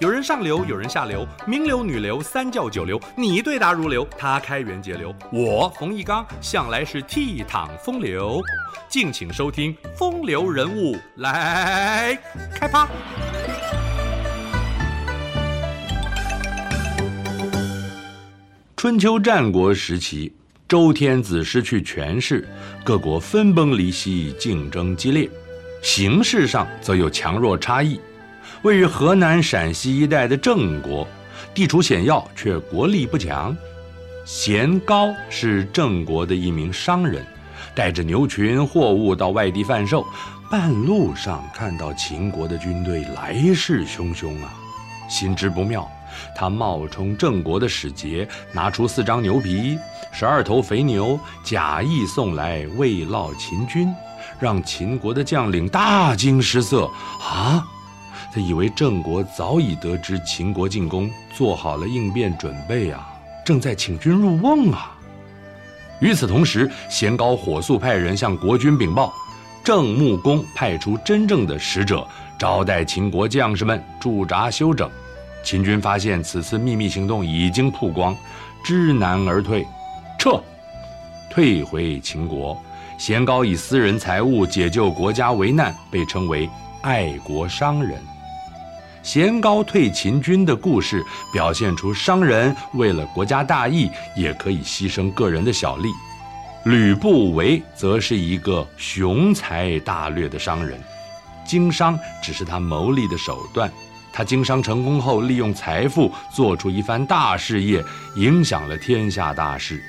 有人上流，有人下流，名流、女流、三教九流，你對答如流，他開源節流，我馮翊綱向來是倜儻風流。敬請收聽《風流人物》來，來開趴。春秋戰國時期，周天子失去權勢，各國分崩離析，競爭激烈，形勢上則有強弱差異。位於河南陝西一帶的鄭國，地處險要卻國力不強。弦高是鄭國的一名商人，帶着牛群貨物到外地販售，半路上看到秦國的軍隊來勢洶洶啊，心知不妙，他冒充鄭國的使節，拿出四張牛皮、十二頭肥牛，假意送來慰勞秦軍，讓秦國的將領大驚失色啊！他以為鄭國早已得知秦國進攻，做好了應變準備啊，正在請君入甕啊。與此同時，弦高火速派人向國君稟報，鄭穆公派出真正的使者招待秦國將士們駐紮休整。秦軍發現此次秘密行動已經曝光，知難而退，撤，退回秦國。弦高以私人財物解救國家危難，被稱為愛國商人。弦高退秦軍的故事，表現出商人為了國家大義，也可以犧牲個人的小利。呂不韋則是一個雄才大略的商人，經商只是他牟利的手段。他經商成功後，利用財富做出一番大事業，影響了天下大事。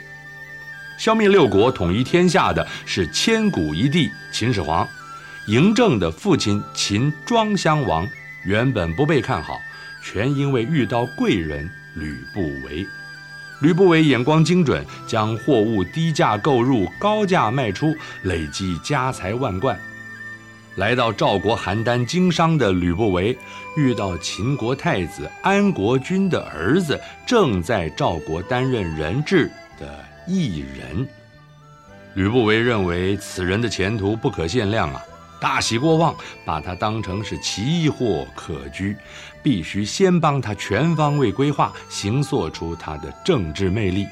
消滅六國、統一天下的是千古一帝秦始皇，嬴政的父親秦莊襄王。原本不被看好，全因為遇到貴人呂不韋。呂不韋眼光精準，將貨物低價購入，高價賣出，累積家財萬貫。來到趙國邯鄲經商的呂不韋，遇到秦國太子安國君的兒子，正在趙國擔任人質的異人。呂不韋認為此人的前途不可限量啊！大喜過望，把他當成是奇貨可居，必須先幫他全方位規劃，形塑出他的政治魅力。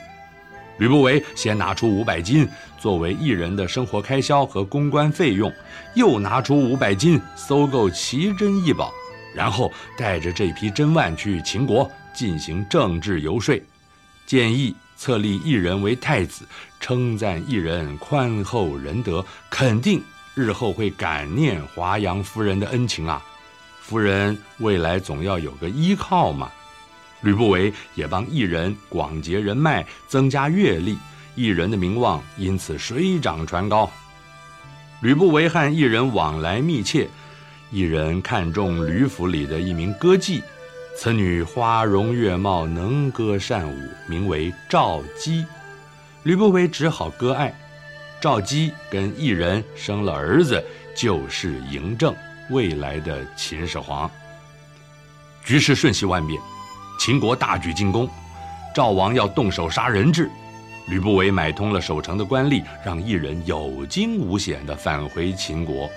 呂不韋先拿出五百金作為異人的生活開銷和公關費用，又拿出五百金搜購奇珍異寶，然後帶着這批珍玩去秦國進行政治遊說，建議冊立異人為太子，稱讚異人寬厚仁德，肯定，日後會感念華陽夫人的恩情啊，夫人未來總要有個依靠嘛。呂不韋也幫異人廣結人脈，增加閱歷，異人的名望因此水漲船高。呂不韋和異人往來密切，異人看中呂府裡的一名歌妓，此女花容月貌，能歌善舞，名為趙姬。呂不韋只好割愛。趙姬跟異人生了兒子，就是嬴政，未來的秦始皇。局勢瞬息萬變，秦國大舉進攻，趙王要動手殺人質，呂不韋買通了守城的官吏，讓異人有驚無險地返回秦國。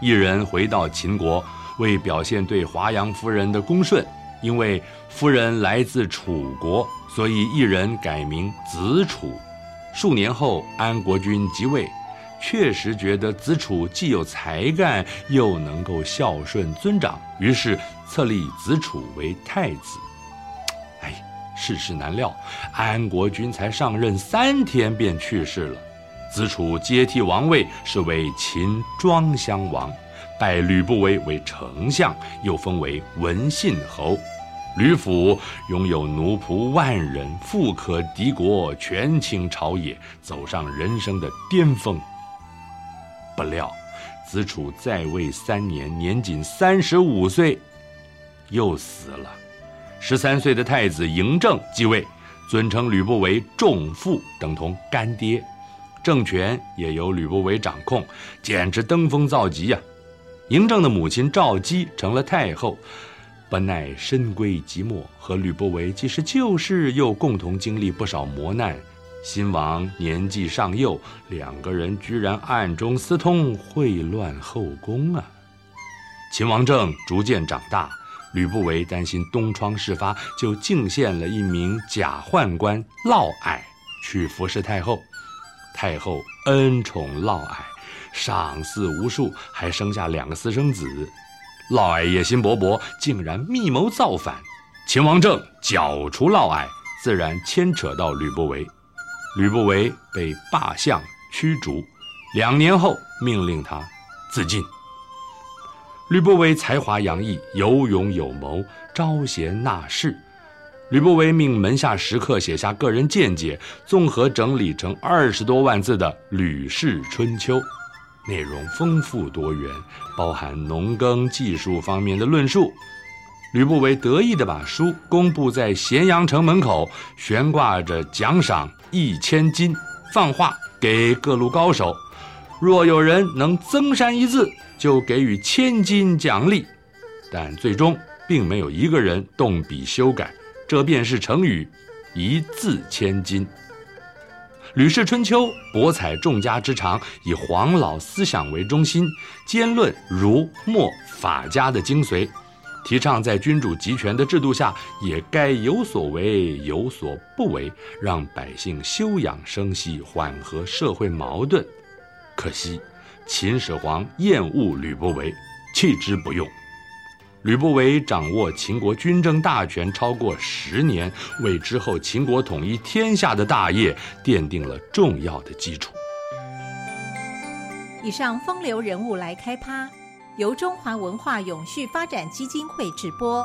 異人回到秦國，為表現對華陽夫人的恭順，因為夫人來自楚國，所以異人改名子楚。數年後，安國君即位，確實覺得子楚既有才幹，又能夠孝順尊長，於是冊立子楚為太子。哎，世事難料，安國君才上任三天便去世了，子楚接替王位，是為秦莊襄王，拜呂不韋為丞相，又封為文信侯。呂府擁有奴僕萬人，富可敵國，權傾朝野，走上人生的巔峰。不料，子楚在位三年，年僅三十五歲，又死了。十三歲的太子嬴政繼位，尊稱呂不韋仲父，等同乾爹，政權也由呂不韋掌控，簡直登峰造極呀、啊。嬴政的母親趙姬成了太後。不耐深閨寂寞，和呂不韋既是舊識，又共同經歷不少磨難。新王年紀尚幼，兩個人居然暗中私通，穢亂後宮啊！秦王政逐漸長大，呂不韋擔心東窗事發，就進獻了一名假宦官嫪毐去服侍太後。太后恩寵嫪毐，賞賜無數，還生下兩個私生子。嫪毐野心勃勃，竟然密謀造反。秦王政剿除嫪毐，自然牽扯到呂不韋。呂不韋被罷相驅逐，兩年後命令他自盡。呂不韋才華洋溢，有勇有謀，招賢納士。呂不韋命門下食客寫下個人見解，綜合整理成二十多萬字的《呂氏春秋》。內容豐富多元，包含農耕技術方面的論述。呂不韋得意地把書公布在咸陽城門口，懸掛着獎賞一千金，放話給各路高手：若有人能增刪一字，就給予千金獎勵。但最終並沒有一個人動筆修改，這便是成語“一字千金”。《呂氏春秋》博采眾家之長，以黃老思想為中心，兼論儒、墨、法家的精髓，提倡在君主集權的制度下也該有所為有所不為，讓百姓休養生息，緩和社會矛盾。可惜，秦始皇厭惡呂不韋，棄之不用。呂不韋掌握秦國軍政大權超過十年，為之後秦國統一天下的大業奠定了重要的基礎。以上風流人物來開趴，由中華文化永續發展基金會直播。